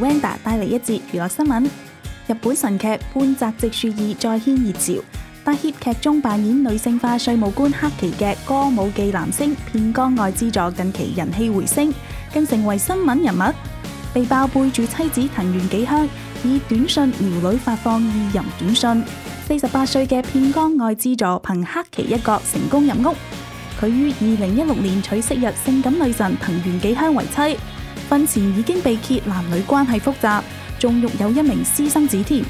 Wanda 帶嚟一節娛樂新聞。日本神劇半澤直樹二再掀熱潮，但喺劇中扮演女性化稅務官黑崎嘅歌舞伎男星片岡愛之助近期人氣回升，更成為新聞人物，被爆背住妻子藤原紀香以短信撩女發放意淫短信。四十八歲嘅片岡愛之助憑黑崎一角成功入屋，佢於二零一六年娶昔日性感女神藤原紀香為妻。婚前已經被揭男女關係複雜，仲育有一名私生子添。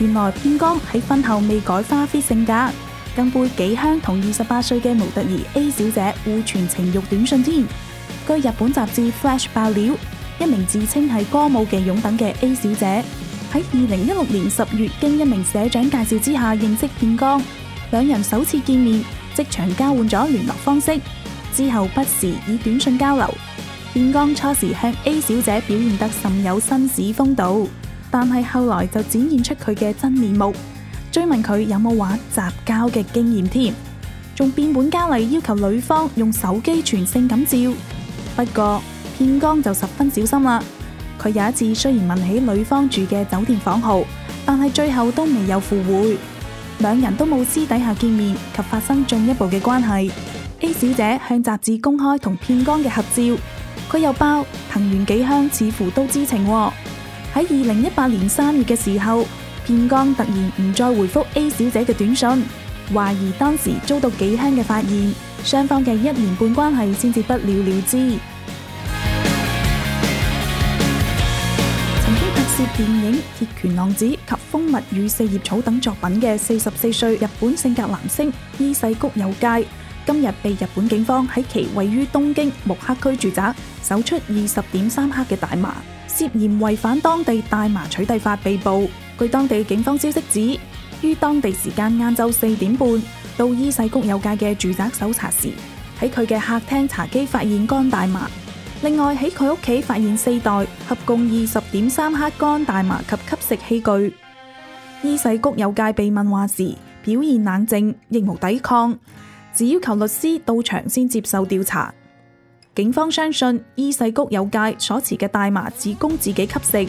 原來片江喺婚後未改花飛性格，更背幾香同二十八歲嘅模特兒 A 小姐互傳情慾短信添。據日本雜誌 Flash 爆料，一名自稱係歌舞伎擁躉嘅 A 小姐喺二零一六年十月經一名社長介紹之下認識片江，兩人首次見面，即場交換咗聯絡方式，之後不時以短信交流。 片江初時向 A 小姐表現得甚有紳士風度，但係後來就展現出佢嘅真面目，追問佢有冇玩雜交嘅經驗添，仲變本加厲要求女方用手機傳性感照。不過片江就十分小心啦。佢有一次雖然問起女方住嘅酒店房號，但係最後都未有赴會，兩人都冇私底下見面及發生進一步嘅關係。A 小姐向雜誌公開同片江嘅合照。佢又爆藤原紀香似乎都知情喎。喺二零一八年三月嘅時候，片岡突然唔再回覆 A 小姐嘅短信，懷疑當時遭到紀香嘅發現，雙方嘅一年半關係先至不了了之。曾經拍攝電影《鐵拳浪子》及《蜂蜜與四葉草》等作品嘅四十四歲日本性格男星伊勢谷友介。今日被日本警方喺其位於東京目黑區住宅搜出二十點三克嘅大麻，涉嫌違反當地大麻取締法被捕。據當地警方消息指，於當地時間晏晝四點半到伊勢谷有界嘅住宅搜查時，喺佢嘅客廳茶几發現乾大麻。另外喺佢屋企發現四袋合共二十點三克乾大麻及吸食器具。伊勢谷有界被問話時表現冷靜，亦無抵抗。只要求律師到場先接受調查。警方相信伊勢谷友介所持嘅大麻只供自己吸食，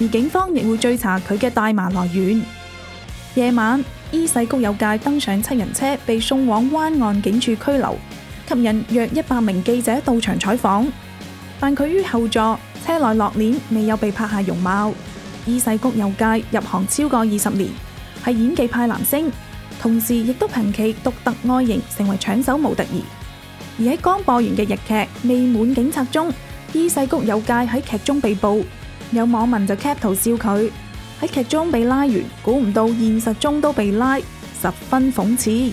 而警方亦會追查佢嘅大麻來源。夜晚，伊勢谷友介登上七人車，被送往灣岸警署拘留，吸引約一百名記者到場採訪。但佢於後座，車內落鏈，未有被拍下容貌。伊勢谷友介入行超過二十年，係演技派男星。同時亦都憑其獨特外形成為搶手模特兒，而喺剛播完嘅日劇《未滿警察》中，伊勢 谷友介喺劇中被捕，有網民就 cap 圖笑佢喺劇中被拉完，估唔到現實中都被拉，十分諷刺。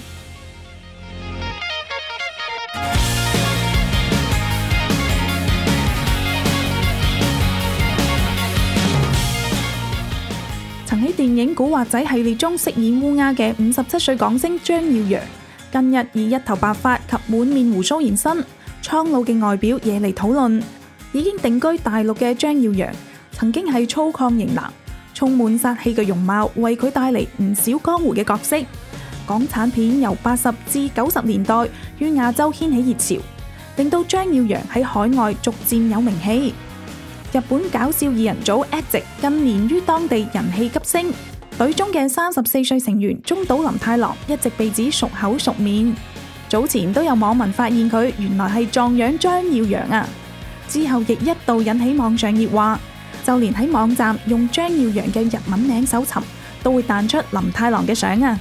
電影《古惑仔》系列中飾演烏鴉嘅五十七歲港星張耀揚，近日以一頭白髮及滿面鬍鬚現身，蒼老嘅外表惹嚟討論。已經定居大陸嘅張耀揚，曾經係粗獷型男，充滿殺氣嘅容貌為佢帶嚟唔少江湖嘅角色。港產片由八十至九十年代於亞洲掀起熱潮，令到張耀揚喺海外逐漸有名氣。日本搞笑二人組 EXIT 近年於當地人氣急升，隊中嘅三十四歲成員中島林太郎一直被指熟口熟面，早前都有網民發現佢原來係撞樣張耀揚啊，之後亦一度引起網上熱話，就連喺網站用張耀揚嘅日文名搜尋，都會彈出林太郎嘅相啊。